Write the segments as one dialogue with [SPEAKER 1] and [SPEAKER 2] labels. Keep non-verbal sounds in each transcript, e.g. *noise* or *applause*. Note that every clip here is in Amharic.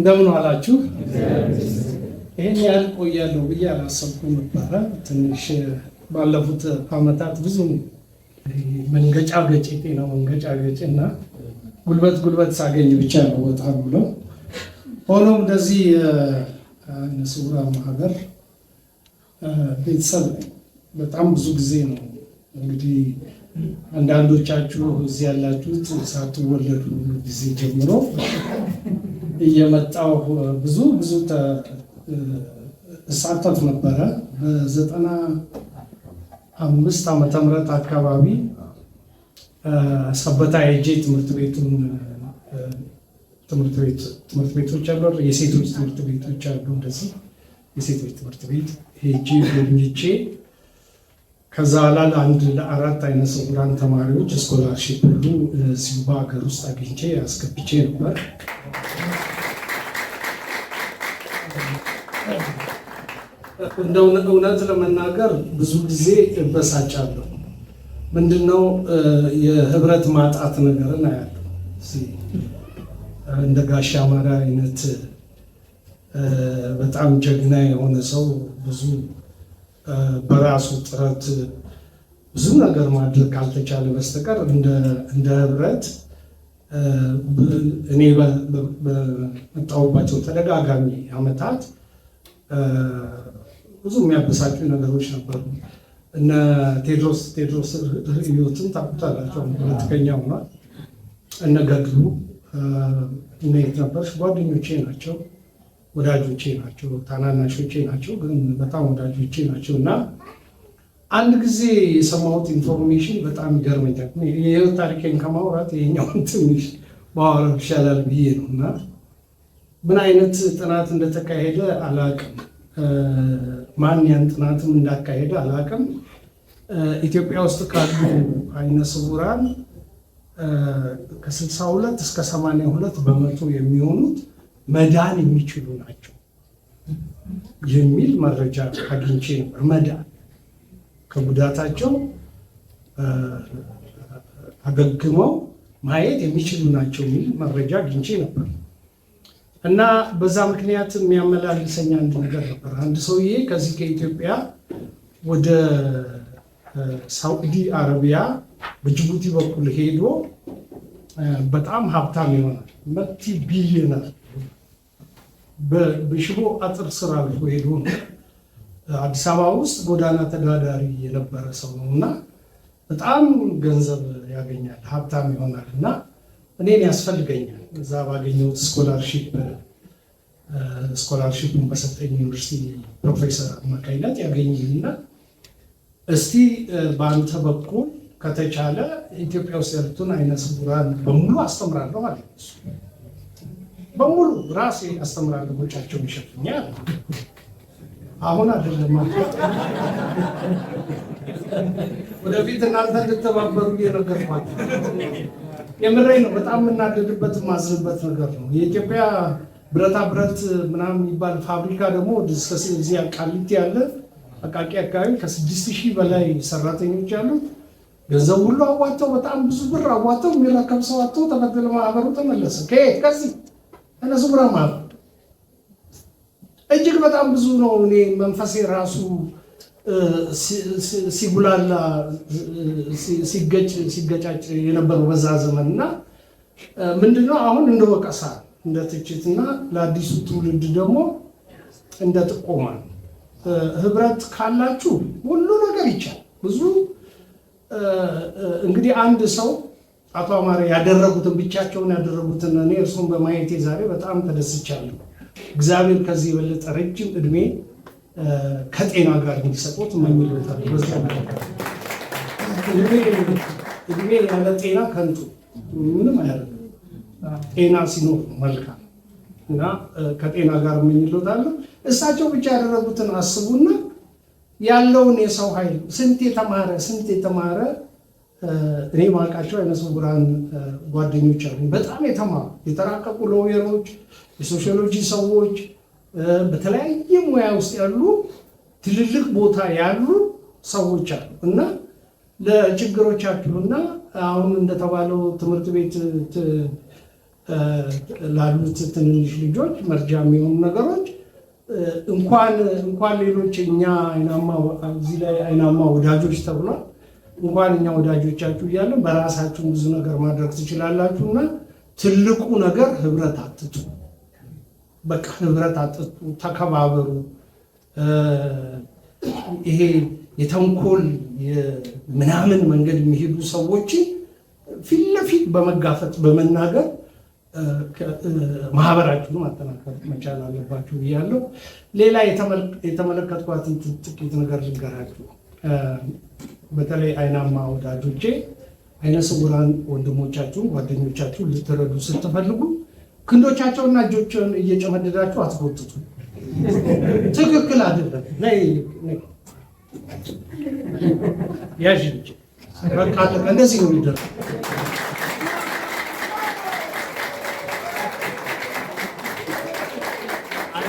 [SPEAKER 1] እንደምን አላችሁ። ይህን ያህል ቆያለሁ ብዬ አላሰብኩ ነበረ። ትንሽ ባለፉት ዓመታት ብዙ መንገጫ ገጭ ነው መንገጫ ገጭ እና ጉልበት ጉልበት ሳገኝ ብቻ ነው ወጣ ብለው ሆኖም እንደዚህ ስውራን ማህበር ቤተሰብ በጣም ብዙ ጊዜ ነው እንግዲህ አንዳንዶቻችሁ እዚህ ያላችሁት ሳትወለዱ ጊዜ ጀምሮ እየመጣው ብዙ ብዙ እሳተፍ ነበረ። በዘጠና አምስት ዓመተ ምህረት አካባቢ ሰበታ ሄጄ ትምህርት ቤቱን ትምህርት ቤቶች አሉ፣ የሴቶች ትምህርት ቤቶች አሉ። እንደዚህ የሴቶች ትምህርት ቤት ሄጄ ጎብኝቼ ከዛ ላ ለአንድ ለአራት አይነ ስውራን ተማሪዎች ስኮላርሽፕ ሁሉ እዚሁ በሀገር ውስጥ አግኝቼ አስገብቼ ነበር። እንደው እውነት ለመናገር ብዙ ጊዜ እበሳጫለሁ። ምንድነው የህብረት ማጣት ነገርን አያለሁ እንደ ጋሻ ማራ አይነት በጣም ጀግና የሆነ ሰው ብዙ በራሱ ጥረት ብዙ ነገር ማድረግ ካልተቻለ በስተቀር እንደ ህብረት እኔ በመጣሁባቸው ተደጋጋሚ ዓመታት ብዙ የሚያበሳጩ ነገሮች ነበሩ። እነ ቴድሮስ ቴድሮስ ህይወትን ታቁታላቸው ፖለቲከኛ ሆኗል። እነ ገድሉ እና የት ጓደኞቼ ናቸው፣ ወዳጆቼ ናቸው፣ ታናናሾቼ ናቸው፣ ግን በጣም ወዳጆቼ ናቸው እና አንድ ጊዜ የሰማሁት ኢንፎርሜሽን በጣም ይገርመኛል። የህይወት ታሪኬን ከማውራት ይሄኛውን ትንሽ ማወራ ይሻላል ብዬ ነው እና ምን አይነት ጥናት እንደተካሄደ አላቅም ማን ያን ጥናትም እንዳካሄደ አላቅም ኢትዮጵያ ውስጥ ካሉ አይነ ስውራን ከ62 እስከ 82 በመቶ የሚሆኑት መዳን የሚችሉ ናቸው የሚል መረጃ አግኝቼ ነበር። መዳን ከጉዳታቸው አገግመው ማየት የሚችሉ ናቸው የሚል መረጃ አግኝቼ ነበር እና በዛ ምክንያት የሚያመላልሰኝ አንድ ነገር ነበር። አንድ ሰውዬ ከዚህ ከኢትዮጵያ ወደ ሳዑዲ አረቢያ በጅቡቲ በኩል ሄዶ በጣም ሀብታም ይሆናል። መቲ ቢሊዮነር በሽቦ አጥር ስራ አልፎ ሄዶ ነው። አዲስ አበባ ውስጥ ጎዳና ተዳዳሪ የነበረ ሰው ነው እና በጣም ገንዘብ ያገኛል፣ ሀብታም ይሆናል እና እኔን ያስፈልገኛል እዛ ባገኘሁት ስኮላርሺፕ ስኮላርሺፕን በሰጠኝ ዩኒቨርሲቲ ፕሮፌሰር አማካኝነት ያገኝልና እስቲ በአንተ በኩል ከተቻለ ኢትዮጵያ ውስጥ ያሉትን አይነ ስውራን በሙሉ አስተምራለሁ አለ። በሙሉ ራሴ አስተምራለሁ፣ ወጪያቸውን ይሸፍኛ አሁን አይደለም፣ ወደፊት እናንተ እንድተባበሩ እየነገርኳቸው የምሬ ነው። በጣም የምናደድበት የማዝንበት ነገር ነው። የኢትዮጵያ ብረታ ብረት ምናምን የሚባል ፋብሪካ ደግሞ እዚህ ቃሊቲ ያለ አቃቂ አካባቢ ከስድስት ሺህ በላይ ሰራተኞች ያሉት ገንዘብ ሁሉ አዋጣው፣ በጣም ብዙ ብር አዋጣው፣ የሚረከብ ሰው አጥቶ ተበደለ። ማህበሩ ተመለሰ። ከየት ከዚህ ተነሱ። ብራ እጅግ በጣም ብዙ ነው። እኔ መንፈሴ ራሱ ሲጉላላ ሲገጭ ሲገጫጭ የነበረው በዛ ዘመን እና ምንድነው አሁን እንደ ወቀሳ እንደ ለአዲሱ ትውልድ ደግሞ እንደ ጥቆማ ህብረት ካላችሁ ሁሉ ነገር ይቻላል ብዙ እንግዲህ አንድ ሰው አቶ አማረ ያደረጉትን ብቻቸውን ያደረጉትን እኔ እርሱን በማየቴ ዛሬ በጣም ተደስቻለሁ። እግዚአብሔር ከዚህ የበለጠ ረጅም እድሜ ከጤና ጋር እንዲሰጡት እመኝልዎታለሁ። እድሜ ያለ ጤና ከንቱ ምንም አያደርግም። ጤና ሲኖር መልካም እና ከጤና ጋር እመኝልዎታለሁ። እሳቸው ብቻ ያደረጉትን አስቡና ያለውን የሰው ኃይል ስንት የተማረ ስንት የተማረ እኔ ማውቃቸው አይነ ስውራን ጓደኞች አሉ። በጣም የተማሩ የተራቀቁ ሎየሮች፣ የሶሽዮሎጂ ሰዎች፣ በተለያየ ሙያ ውስጥ ያሉ ትልልቅ ቦታ ያሉ ሰዎች አሉ እና ለችግሮቻችሁ እና አሁን እንደተባለው ትምህርት ቤት ላሉት ትንንሽ ልጆች መርጃ የሚሆኑ ነገሮች እንኳን እንኳን ሌሎች እኛ እዚህ ላይ አይናማ ወዳጆች ተብሏል። እንኳን እኛ ወዳጆቻችሁ እያለን በራሳችሁን ብዙ ነገር ማድረግ ትችላላችሁ እና ትልቁ ነገር ህብረት አትጡ። በቃ ህብረት አትጡ፣ ተከባበሩ። ይሄ የተንኮል ምናምን መንገድ የሚሄዱ ሰዎችን ፊት ለፊት በመጋፈጥ በመናገር ማህበራችሁን ማጠናከር መቻል አለባችሁ ብያለሁ። ሌላ የተመለከትኳትን ጥቂት ነገር ልንገራችሁ። በተለይ አይናማ ወዳጆቼ፣ አይነ ስውራን ወንድሞቻችሁን ጓደኞቻችሁ ልትረዱ ስትፈልጉ ክንዶቻቸውና እጆችን እየጨመደዳችሁ አትቆጥጡ። ትክክል አይደለም። ያሽ እንደዚህ ነው የሚደረግ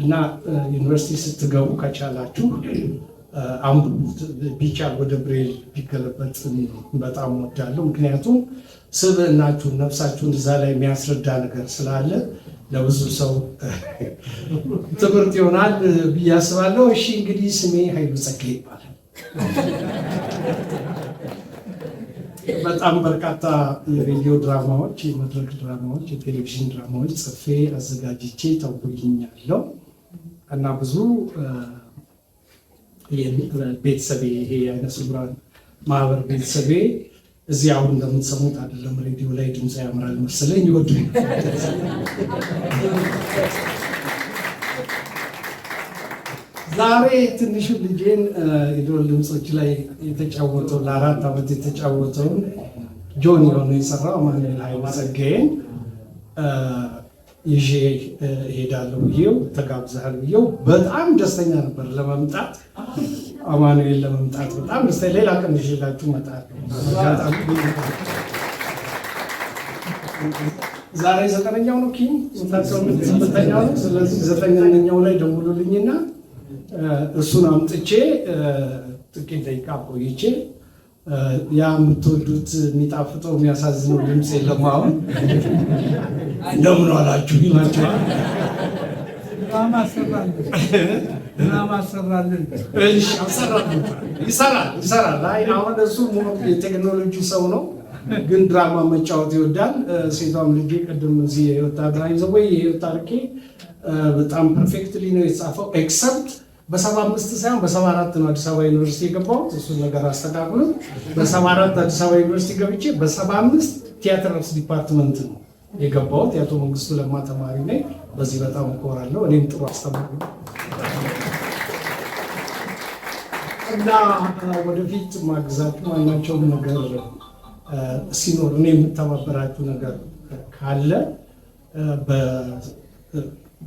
[SPEAKER 1] እና ዩኒቨርሲቲ ስትገቡ ከቻላችሁ አንዱ ቢቻል ወደ ብሬል ቢገለበጥ በጣም ወዳለሁ። ምክንያቱም ስብዕናችሁን ነፍሳችሁን እዛ ላይ የሚያስረዳ ነገር ስላለ ለብዙ ሰው *laughs* ትምህርት ይሆናል ብዬ አስባለሁ። እሺ እንግዲህ ስሜ ኃይሉ ጸጋ ይባላል። *laughs* በጣም በርካታ የሬዲዮ ድራማዎች፣ የመድረክ ድራማዎች፣ የቴሌቪዥን ድራማዎች ጽፌ አዘጋጅቼ ተውልኛለሁ። እና ብዙ ቤተሰቤ ይሄ የዓይነ ስውራን ማህበር ቤተሰቤ እዚህ አሁን እንደምንሰሙት አይደለም፣ ሬዲዮ ላይ ድምፅ ያምራል መሰለኝ ይወዱ ዛሬ ትንሹ ልጄን የድሮን ድምፆች ላይ የተጫወተው ለአራት ዓመት የተጫወተውን ጆን የሆነ የሰራው ማንል ኃይለጸጋዬን ይዤ እሄዳለሁ ብዬው ተጋብዘሃል ብዬው በጣም ደስተኛ ነበር። ለመምጣት አማኑኤል ለመምጣት በጣም ደስተኛ ሌላ ቀን ይዤላችሁ እመጣለሁ። ዛሬ ዘጠነኛው ነው ኪም ስምንተኛው ነው። ስለዚህ ዘጠነኛው ላይ ደውሉልኝና እሱን አምጥቼ ጥቂት ደቂቃ ቆይቼ ያ የምትወዱት የሚጣፍጠው የሚያሳዝነው ድምፅ የለም። አሁን እንደምን አላችሁ ይላቸዋል። ይሰራል አሁን እሱ የቴክኖሎጂ ሰው ነው፣ ግን ድራማ መጫወት ይወዳል። ሴቷም ልጅ ቅድም እዚህ የወታ ድራ የወታ ርቄ በጣም ፐርፌክትሊ ነው የተጻፈው ኤክሰፕት በሰባ አምስት ሳይሆን በሰባ አራት ነው አዲስ አበባ ዩኒቨርሲቲ የገባሁት። እሱን ነገር አስተካክሉ። በሰባ አራት አዲስ አበባ ዩኒቨርሲቲ ገብቼ በሰባ አምስት ቲያትርስ ዲፓርትመንት ነው የገባሁት። የአቶ መንግስቱ ለማ ተማሪ ነኝ። በዚህ በጣም እኮራለሁ። እኔም ጥሩ አስተማሪ እና ወደፊት ማግዛችሁ ማናቸውም ነገር ሲኖር እኔ የምተባበራችሁ ነገር ካለ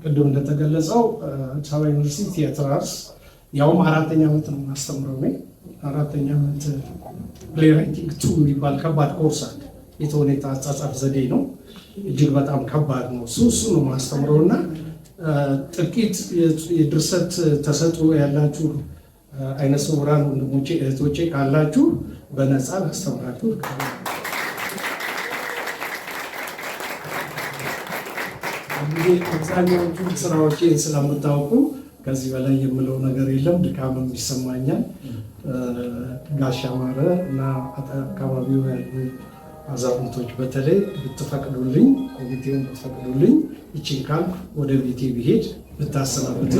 [SPEAKER 1] ቅድም እንደተገለጸው አዲስ አበባ ዩኒቨርሲቲ ቲያትር አርስ ያውም አራተኛ ዓመት ነው የማስተምረው እኔ አራተኛ ዓመት ፕሌይ ራይቲንግ ቱ የሚባል ከባድ ኮርስ አለ። የተወኔታ አጻጻፍ ዘዴ ነው። እጅግ በጣም ከባድ ነው። እሱ እሱ ነው የማስተምረው እና ጥቂት የድርሰት ተሰጥኦ ያላችሁ አይነ ስውራን ወንድሞቼ እህቶቼ ካላችሁ በነፃ ላስተምራችሁ እንግዲህ አብዛኛዎቹን ስራዎችን ስለምታውቁ ከዚህ በላይ የምለው ነገር የለም። ድካምም ይሰማኛል። ጋሻ ማረ እና አካባቢው ያሉ አዛውንቶች በተለይ ብትፈቅዱልኝ፣ ኮሚቴውን ብትፈቅዱልኝ ይችን ካልኩ ወደ ቤቴ ብሄድ ብታሰናብት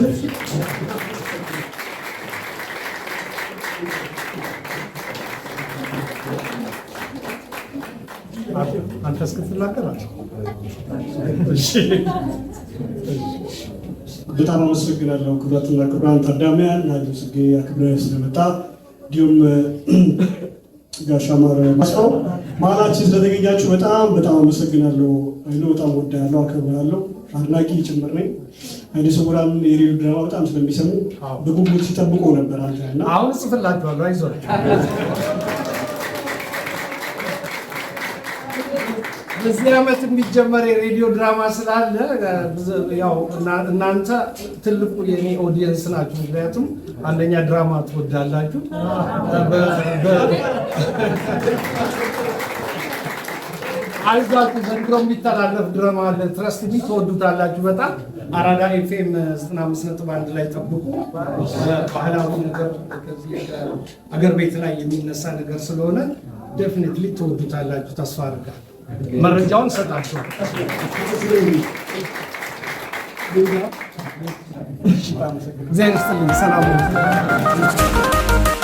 [SPEAKER 1] አንተ እስክትላቀላቸው በጣም አመሰግናለሁ። ክብራትና ክብራን ታዳሚያን ናዲ ጽጌ አክብረ ስለመጣ እንዲሁም ጋሻማረ ማስፋው መሀላችን ስለተገኛችሁ በጣም በጣም አመሰግናለሁ። አይኖ በጣም ወዳለሁ፣ አከብራለሁ፣ አድናቂ ጭምር ነኝ። አይነ ስውራን የሬዲዮ ድራማ በጣም ስለሚሰሙ በጉጉት ሲጠብቁ ነበር። አንተ አሁን ጽፍላችኋለሁ፣ አይዞህ እዚህ ዓመት የሚጀመር የሬዲዮ ድራማ ስላለ ያው እናንተ ትልቁ የኔ ኦዲየንስ ናችሁ። ምክንያቱም አንደኛ ድራማ ትወዳላችሁ፣ አይዟችሁ ዘንድሮ የሚተላለፍ ድራማ አለ ትረስት ሚ ትወዱታላችሁ በጣም አራዳ ኤፍኤም ዘጠና አምስት ነጥብ አንድ ላይ ጠብቁ። ባህላዊ ነገር አገር ቤት ላይ የሚነሳ ነገር ስለሆነ ዴፊኒትሊ ትወዱታላችሁ ተስፋ አድርጋለሁ። መረጃውን ሰጣችኋል። እግዚአብሔር ይስጥልኝ። ሰላም